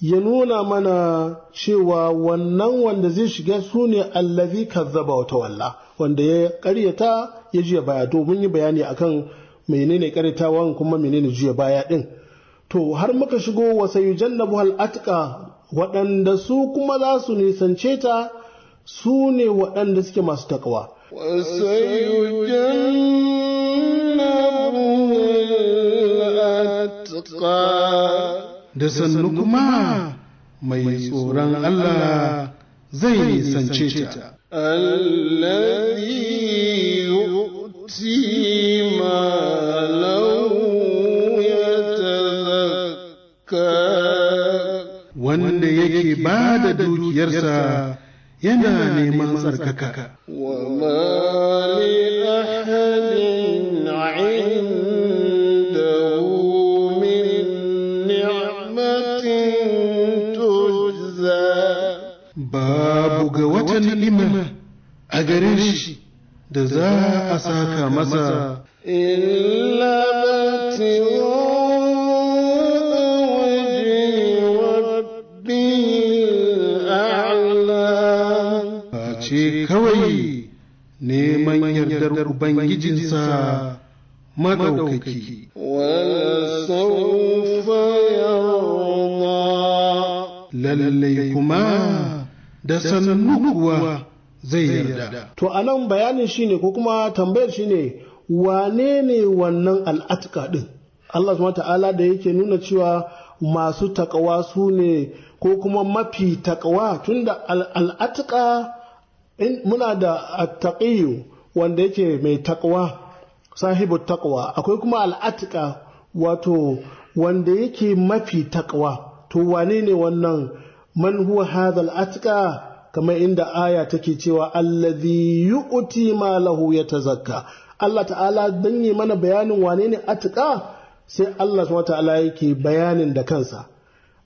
ya nuna mana cewa wannan wanda zai shiga su ne allazi kazzaba wata walla wanda ya karyata ya jiya baya to mun yi bayani akan menene karyatawan kuma menene jiya baya din to har muka shigo wa sayujannabu hal atqa waɗanda su kuma za su nisance ta su ne waɗanda suke masu takawa وسيجنبها الأتقى da sannu kuma mai tsoron Allah zai nisance ta. Allazi yu'ti Wanda yake ba da dukiyarsa yana neman tsarkaka. Wa ga wata ni'ima a gare shi da za a saka masa illa ce kawai neman yardar ubangijinsa madaukaki lallai kuma da sannu kuwa zai yarda. To a nan bayanin shi ne ko kuma tambayar shi ne, wane ne wannan al'atka ɗin? Allah su ta'ala da yake nuna cewa masu takawa su ne ko kuma mafi takawa tunda al'atka muna da attaqiyu wanda yake mai takawa sahibu takawa akwai kuma al'atka wato wanda yake mafi takawa to wane ne wannan man huwa hadha atqa kamar inda aya take cewa allazi yu'ti malahu yatazakka Allah ta'ala dan yi mana bayanin wane ne atqa sai Allah subhanahu ta'ala yake bayanin da kansa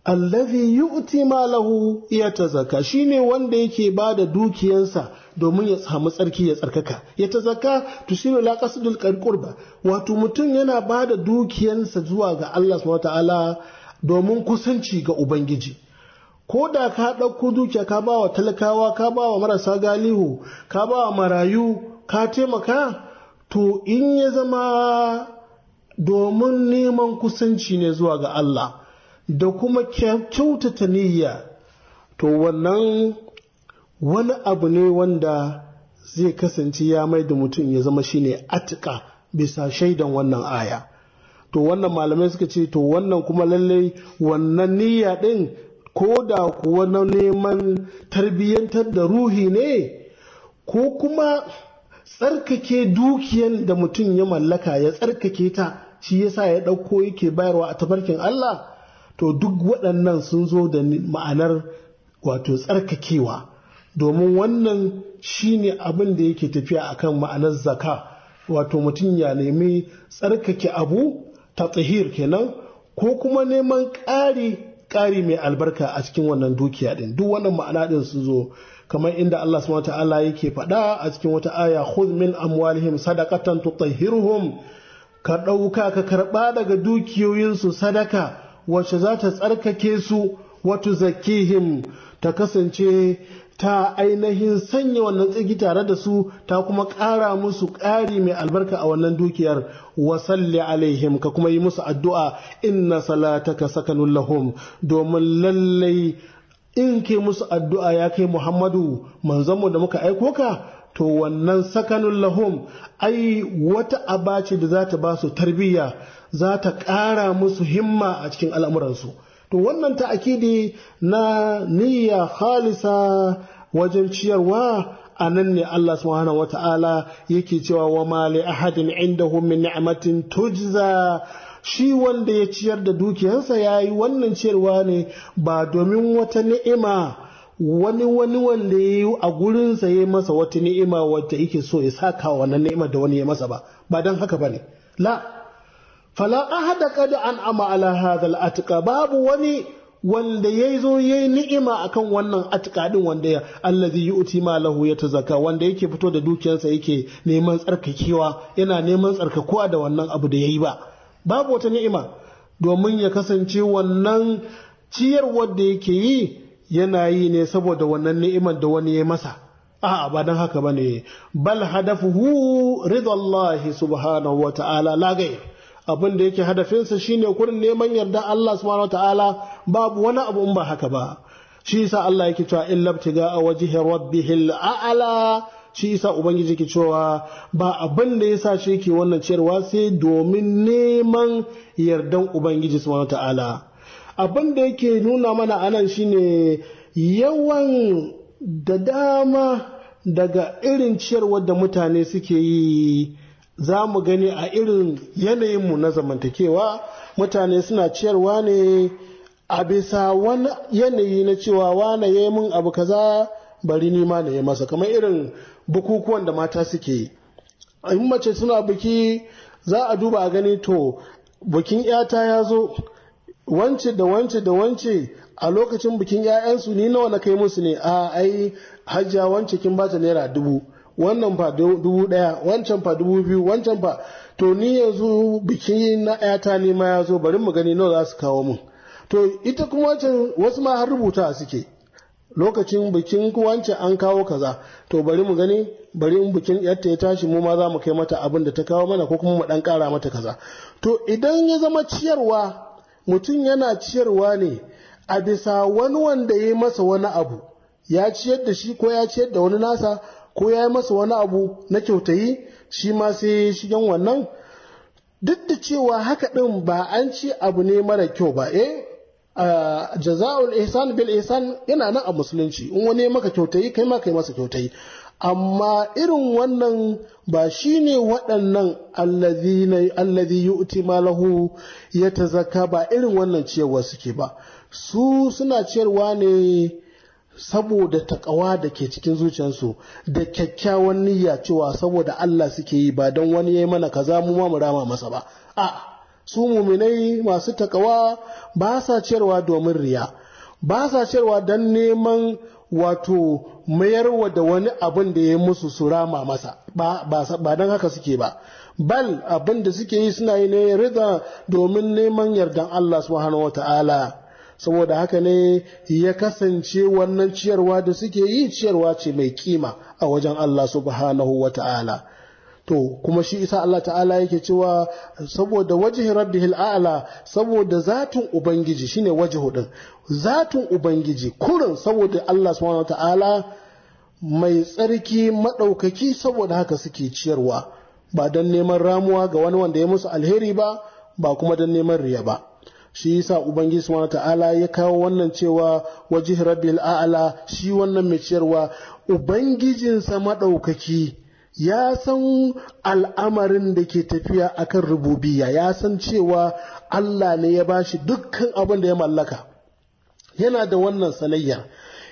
allazi yu'ti malahu yatazakka shine wanda yake ba da dukiyansa domin ya samu tsarki ya tsarkaka ya ta zaka tusiru la qasdul qurba wato mutum yana ba da dukiyansa zuwa ga Allah subhanahu ta'ala domin kusanci ga ubangiji ko da ka ɗauko dukiya ka ba wa talakawa ka ba wa marasa galihu ka ba wa marayu ka taimaka to in ya zama domin neman kusanci ne zuwa ga Allah da kuma kyautata niyya to wannan wani abu ne wanda zai kasance ya mai da mutum ya zama shine atika bisa shaidan wannan aya to wannan malamai suka ce to wannan kuma lallai wannan niyya ɗin ko da kuwa na neman tarbiyyantar da ruhi ne ko kuma tsarkake dukiyan da mutum ya mallaka ya tsarkake ta shi yasa ya ɗauko yake bayarwa a tabarkin Allah to duk waɗannan sun zo da ma'anar wato tsarkakewa domin wannan shi ne abin da yake tafiya a kan ma'anar zaka wato mutum ya nemi tsarkake abu ta tsahir kenan ko kuma neman ƙari ƙari mai albarka a cikin wannan dukiya din duk wannan ma'ana din su zo kamar inda Allah subhanahu ta'ala yake faɗa a cikin wata aya khudh min amwalihim sadaqatan tutahhiruhum ka ɗauka ka karɓa daga dukiyoyinsu sadaka wacce za ta tsarkake su wato zakihim ta kasance ta ainihin sanya wannan tsigi tare da su ta kuma ƙara musu ƙari mai albarka a wannan dukiyar wasalli alaihim ka kuma yi musu addu'a inna salataka sakanun lahum domin lallai in ke musu addu'a ya kai muhammadu manzanmu da muka aiko ka to wannan sakanun lahum ai wata abaci da za ta ba su tarbiyya za ta ƙara musu himma a cikin al'amuransu to wannan ta'akidi na niyya khalisa wajen ciyarwa a nan ne Allah subhanahu wa ta'ala yake cewa wa ma ahadin inda min ni'matin tujza shi wanda ya ciyar da dukiyarsa ya yi wannan ciyarwa ne ba domin wata ni'ima wani wani wanda ya yi a gurinsa ya yi masa wata ni'ima wadda yake so ya saka wannan ni'ima da wani ya masa ba ba don haka ba ne la fala ahada kada an ama ala hadha babu wani wanda ya zo ya yi ni'ima kan wannan atikadin wanda ya allazi ma malahu ya ta zaka wanda yake fito da dukiyarsa yake neman tsarkakewa yana neman tsarkakuwa da wannan abu da ya yi ba babu wata ni'ima domin ya kasance wannan ciyarwar da yake yi yana yi ne saboda wannan ni'imar da wani ya masa a'a ba don haka bane bal hadafuhu ridallahi subhanahu wa ta'ala lagai abin da yake hadafinsa shine kurin neman yarda Allah subhanahu wa babu wani abu in ba haka ba shi yasa Allah yake cewa illa ibtiga a wajihi rabbihil a'la shi yasa ubangiji yake cewa ba abin da yasa shi yake wannan ciyarwa sai domin neman yardan ubangiji subhanahu ta'ala abin da yake nuna mana anan shine yawan da dama daga irin ciyarwar da mutane suke yi za mu gani a irin yanayinmu na zamantakewa mutane suna ciyarwa ne a bisa wani yanayi na cewa wane ya yi min abu kaza bari ni ma na yi masa kamar irin bukukuwan da mata suke yi in mace suna buki za a duba a gani to bikin yata ya zo wance da wance da wance a lokacin bikin 'ya'yansu ni nawa na kai musu ne a ai hajja wance kin bata naira dubu wannan fa dubu daya wancan fa dubu biyu wancan fa to ni yanzu biki na 'yata ne ma ya zo bari mu gani nawa za su kawo mun to ita kuma wancan wasu ma har rubuta suke lokacin bikin wancan an kawo kaza to bari mu gani bari in bikin yadda ya tashi mu ma za mu kai mata abin da ta kawo mana ko kuma mu dan kara mata kaza to idan ya zama ciyarwa mutum yana ciyarwa ne a bisa wani wanda ya yi masa wani abu ya ciyar da shi ko ya ciyar da wani nasa ko ya yi masa wani abu na kyautayi shi ma sai shigen wannan duk da cewa haka ɗin ba an ci abu ne mara kyau ba eh jaza'ul ihsan bil ihsan yana nan a musulunci in wani maka kyautai kai ma kai masa kyautai amma irin wannan ba shi ne waɗannan allazi yu'ti malahu ya ta zaka ba irin wannan ciyarwa suke ba su suna ciyarwa ne saboda takawa da ke cikin zuciyarsu da kyakkyawan niyya cewa saboda Allah suke yi ba don wani ya yi mana kaza mu ma mu rama masa ba a'a su muminai masu takawa ba sa ciyarwa domin riya ba sa ciyarwa don neman wato mayarwa da wani abin da ya musu su rama masa ba don haka suke ba bal abin da suke yi suna yi ne rida domin neman yardan Allah subhanahu wa ta'ala saboda haka ne ya kasance wannan ciyarwa da suke yi ciyarwa ce mai kima a wajen Allah subhanahu wa ta'ala to kuma shi isa Allah ta'ala yake cewa saboda wajihi rabbihil a'la saboda zatun ubangiji shine wajihu din zatun ubangiji kurin saboda Allah subhanahu ta'ala mai tsarki madaukaki saboda haka suke ciyarwa ba dan neman ramuwa ga wani wanda ya musu alheri ba ba kuma dan neman riya ba shi yasa ubangiji subhanahu ta'ala ya kawo wannan cewa wajihi rabbil a'la shi wannan mai ciyarwa ubangijinsa madaukaki ya san al'amarin da ke tafiya a kan rububiya ya san cewa Allah ne ya ba shi dukkan abin da ya mallaka yana da wannan sanayyar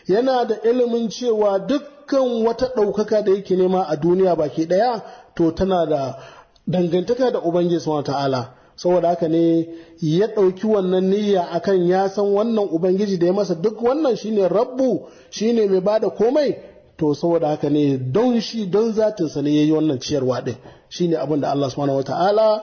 yana da ilimin cewa dukkan wata ɗaukaka da yake nema a duniya baki ɗaya to tana da dangantaka da ubangiji wa ta'ala saboda haka ne ya ɗauki wannan niyya akan ya san wannan ubangiji da ya masa duk wannan shine rabbu shine mai bada komai to saboda haka ne don shi don sa ne ya yi wannan ciyarwa ɗin shi ne abin da Allah subhanahu wa ta'ala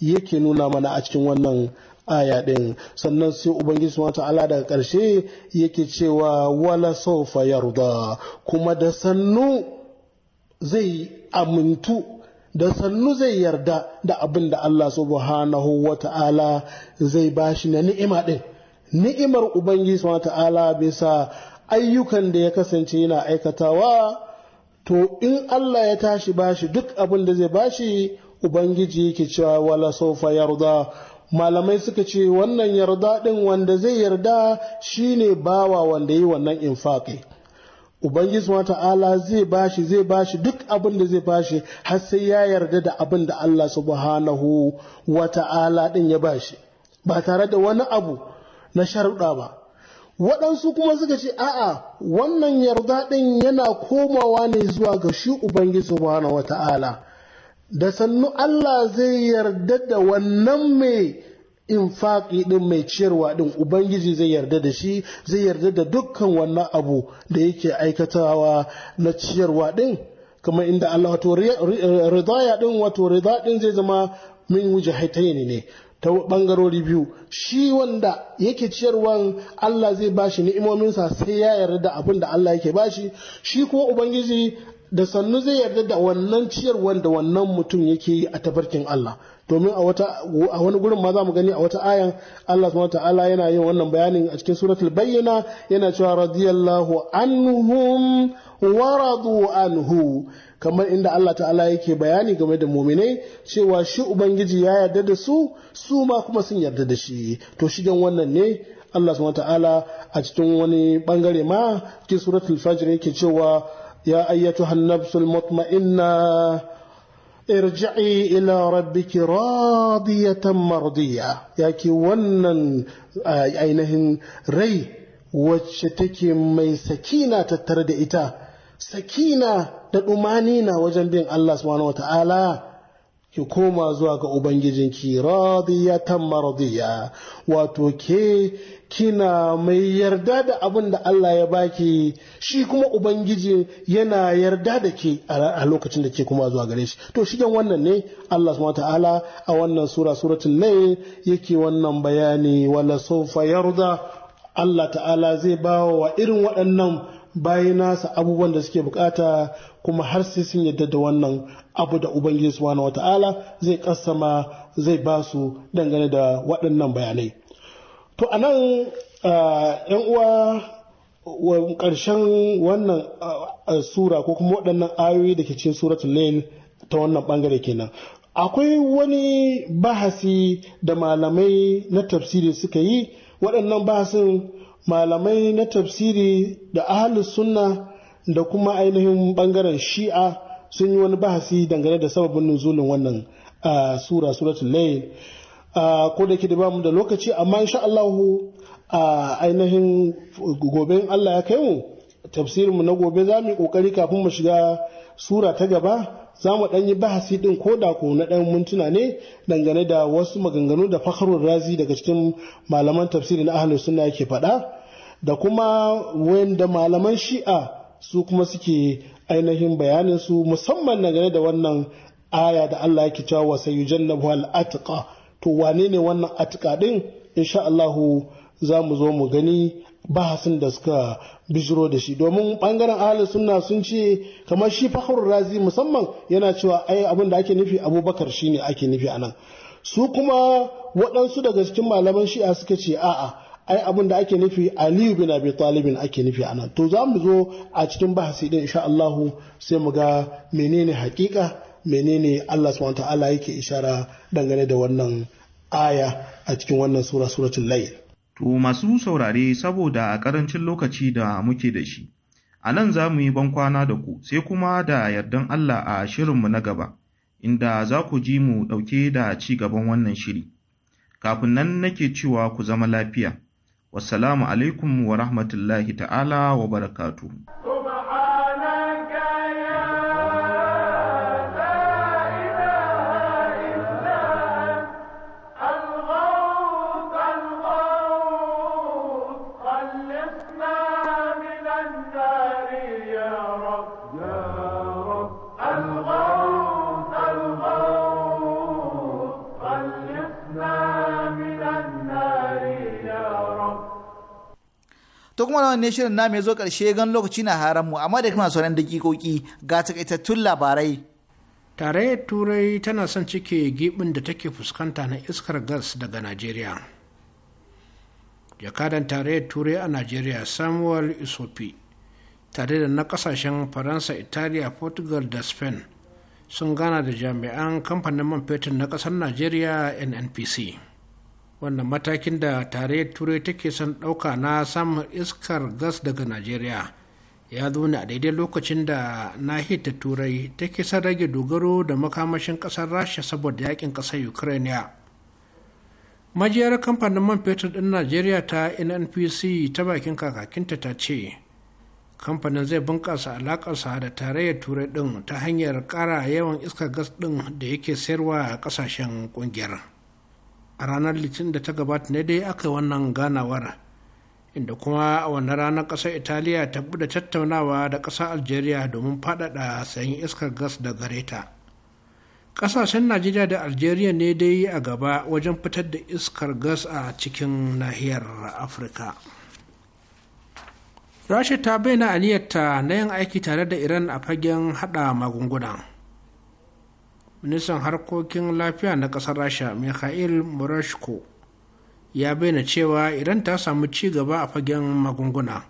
yake nuna mana a cikin wannan aya ɗin sannan sai ubangiji subhanahu ta'ala daga ƙarshe yake cewa wala sawfa yarda kuma da sannu zai amintu da sannu zai yarda da abin da Allah subhanahu wa ta'ala zai bashi na ni'ima ɗin ni'imar ubangiji subhanahu ta'ala bisa ayyukan da ya kasance yana aikatawa to in Allah ya tashi bashi duk abin da zai bashi ubangiji yake cewa wala sofa yarda malamai suka ce wannan yarda din wanda zai yarda shine bawa wanda yi wannan infaqi ubangiji wata ta'ala zai bashi zai bashi duk abin da zai bashi har sai ya yarda da abin da Allah subhanahu wa ta'ala din ya bashi ba tare da wani abu na sharuɗa ba waɗansu kuma suka ce a'a wannan yarda ɗin yana komawa ne zuwa ga shi ubangiji subhanahu ta'ala da sannu Allah zai yarda da wannan mai infaƙi ɗin mai ciyarwa ɗin ubangiji zai yarda da shi zai yarda da dukkan wannan abu da yake aikatawa na ciyarwa ɗin kamar inda Allah wato ridaya ɗin wato rida ɗin zai zama min wujahaitaini ne ta ɓangarori biyu shi wanda yake ciyarwan Allah zai bashi ni'imominsa sai ya yarda da abin da Allah yake bashi shi kuma ubangiji da sannu zai yarda da wannan ciyarwan da wannan mutum yake yi a tafarkin Allah domin a wata a wani gurin ma za mu gani a wata ayan Allah subhanahu ta'ala yana yin wannan bayanin a cikin suratul bayyana, yana cewa radiyallahu anhum wa anhu kamar inda Allah ta'ala yake bayani game da muminai cewa shi ubangiji ya yarda da su su ma kuma sun yarda da shi to shigen wannan ne Allah subhanahu ta'ala a cikin wani bangare ma ke suratul fajr yake cewa ya ayyatu hannabsul mutma'inna irji'i ila rabbiki radiyatan mardiya Ya ke wannan ainihin rai wacce take mai sakina tattare da ita sakina da ɗumanina wajen bin Allah subhanahu wata'ala ki koma zuwa ga Ubangijinki ta maradiya wato ke kina mai yarda da abin da Allah ya baki shi kuma Ubangiji yana yarda da ke a lokacin da ke kuma zuwa gare shi to shigen wannan ne Allah subhanahu ta'ala a wannan sura suratul layl yake wannan bayani wala sawfa yarda Allah ta'ala zai bawa wa irin waɗannan bayi nasa abubuwan da suke bukata kuma har sai sun yadda da wannan abu da ubangiji subhanahu ta'ala zai kassama zai ba su dangane da waɗannan bayanai to a nan yan uwa ƙarshen wannan sura ko kuma waɗannan ayoyi da ke cikin suratul lail ta wannan bangare kenan akwai wani bahasi da malamai na tafsiri suka yi waɗannan bahasin malamai na tafsiri da ahalus sunna da kuma ainihin bangaren shi'a sun yi wani bahasi dangane da sababin nuzulin wannan sura suratul layl ko da ke da bamu da lokaci amma insha Allah a ainihin goben Allah ya kai mu tafsirinmu na gobe za mu yi kokari kafin mu shiga sura ta gaba za mu ɗan yi bahasi ɗin ko da ko na ɗan mintuna ne dangane da wasu maganganu da fakarun razi daga cikin malaman tafsiri na ahlus sunna yake faɗa da kuma wanda malaman shi'a su kuma suke ainihin bayanin su musamman na gane da wannan aya da Allah yake cewa wa jannabu al-atqa to wane ne wannan atqa din insha Allah za mu zo mu gani bahasin da suka bijiro da shi domin bangaren ahli sunna sun ce kamar shi fakhrul razi musamman yana cewa ai abin da ake nufi abubakar shine ake nufi anan su kuma waɗansu daga cikin malaman shi'a suka ce a'a ai abin da ake nufi aliyu bin abi talibin ake nufi a nan to za mu zo a cikin bahasi din insha Allahu sai mu ga menene haƙiƙa menene Allah subhanahu ta'ala yake ishara dangane da wannan aya a cikin wannan sura suratul layl to masu saurare saboda a karancin lokaci da muke da shi a nan za mu yi bankwana da ku sai kuma da yardan Allah a shirin mu na gaba inda za ku ji mu ɗauke da ci gaban wannan shiri kafin nan nake cewa ku zama lafiya Wasalamu alaikum wa rahmatullahi ta'ala wa barakatuhu. wannan ne shirin namu ya zo ƙarshe gan lokaci na haramu mu amma da kuma sauran dakikoki ga takaitattun labarai. Tarayyar Turai tana son cike gibin da take fuskanta na iskar gas daga Najeriya. Jakadan Tarayyar Turai a Najeriya Samuel Isopi tare da na kasashen Faransa, Italiya, Portugal da Spain sun gana da jami'an kamfanin man fetur na ƙasar Najeriya NNPC. wannan matakin da tarayyar turai take son ɗauka na samun iskar gas daga najeriya ya zo ne a daidai lokacin da nahiyar hita turai take son rage dogaro da makamashin ƙasar rasha saboda yakin ƙasar ukraine majiyar kamfanin man fetur ɗin najeriya ta nnpc ta bakin kakakinta ta ce kamfanin zai bunƙasa alaƙarsa da tarayyar turai ɗin ta hanyar ƙara yawan iskar gas ɗin da yake sayarwa a ƙasashen ƙungiyar. a ranar litinin da ta gabata ne dai aka yi wannan ganawar inda kuma a wannan ranar ƙasar italiya ta buɗe tattaunawa da ƙasar algeria domin faɗaɗa sayan iskar gas da gareta ƙasashen najeriya da algeria ne dai a gaba wajen fitar da iskar gas a cikin nahiyar afirka rasha ta bayyana aniyarta na yin aiki tare da iran a fagen haɗa magungunan. ministan harkokin lafiya na ƙasar rasha mikhail murashko ya bayyana cewa idan ta samu ci gaba a fagen magunguna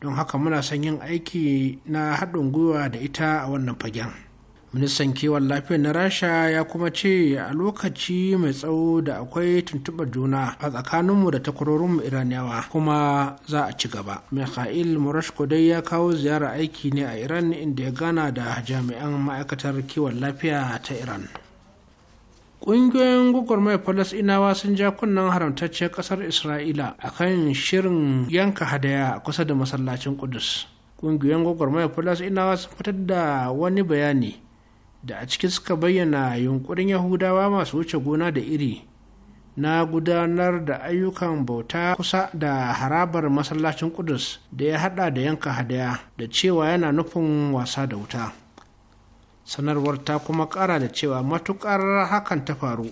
don haka muna son yin aiki na haɗin gwiwa da ita a wannan fagen. ministan kiwon lafiya na rasha ya kuma ce a lokaci mai tsawo da akwai tuntuɓar juna a tsakaninmu da takwarorinmu iraniyawa kuma za a ci gaba mikhail murashko dai ya kawo ziyara aiki ne a iran inda ya gana da jami'an ma'aikatar kiwon lafiya ta iran ƙungiyoyin gwagwarmayar Inawa sun ja kunnen haramtacciyar ƙasar isra'ila akan shirin yanka hadaya a kusa da masallacin kudus ƙungiyoyin gwagwarmayar Inawa sun fitar da wani bayani da a ciki suka bayyana yunkurin yahudawa masu wuce gona da iri na gudanar da ayyukan bauta kusa da harabar masallacin kudus da ya hada da yanka hadaya da cewa yana nufin wasa da wuta sanarwar ta kuma kara da cewa matukar hakan ta faru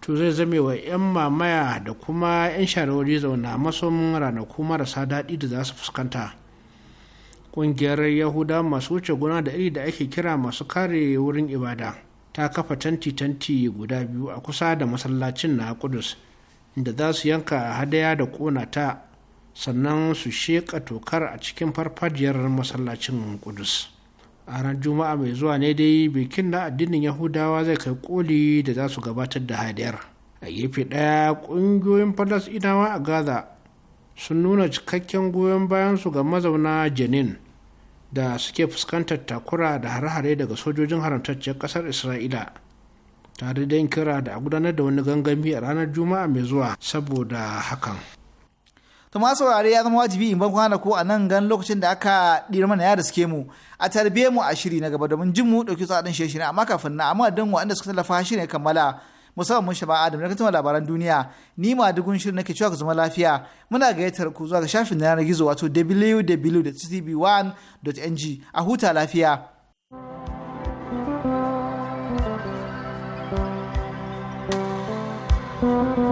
to zai zame wa 'yan mamaya da kuma 'yan shawarwari zauna maso ranaku marasa daɗi da za su fuskanta Ƙungiyar Yahuda masu wuce guna da iri da ake kira masu kare wurin ibada ta kafa tanti-tanti guda biyu a kusa da masallacin na Kudus inda za su yanka hadaya da ƙonata ta sannan su sheƙa tokar a cikin farfajiyar masallacin Kudus. a ran juma'a mai zuwa ne dai bikin na addinin yahudawa zai kai koli da za su gabatar da hadiyar a gefe ɗaya ƙungiyoyin falasɗinawa a gaza sun nuna cikakken goyon bayan su ga mazauna Janin. da suke fuskantar takura da hare-hare daga sojojin haramtacciyar kasar isra'ila tare da yin kira da a gudanar da wani gangami a ranar juma'a mai zuwa saboda hakan to masu saurare ya zama wajibi in ban kwana ko a nan gan lokacin da aka ɗira mana ya suke mu a tarbiyyar mu a shiri na gaba domin jin mu ɗauki tsadin shirin amma kafin na amma don waɗanda suka tallafa shirin kammala musamman mun shaba adam na katuma labaran duniya ni ma dugun shirin nake cewa ku zama lafiya muna gayyatar ku zuwa ga shafin yanar gizo wato www.tv1.ng a huta lafiya. thank you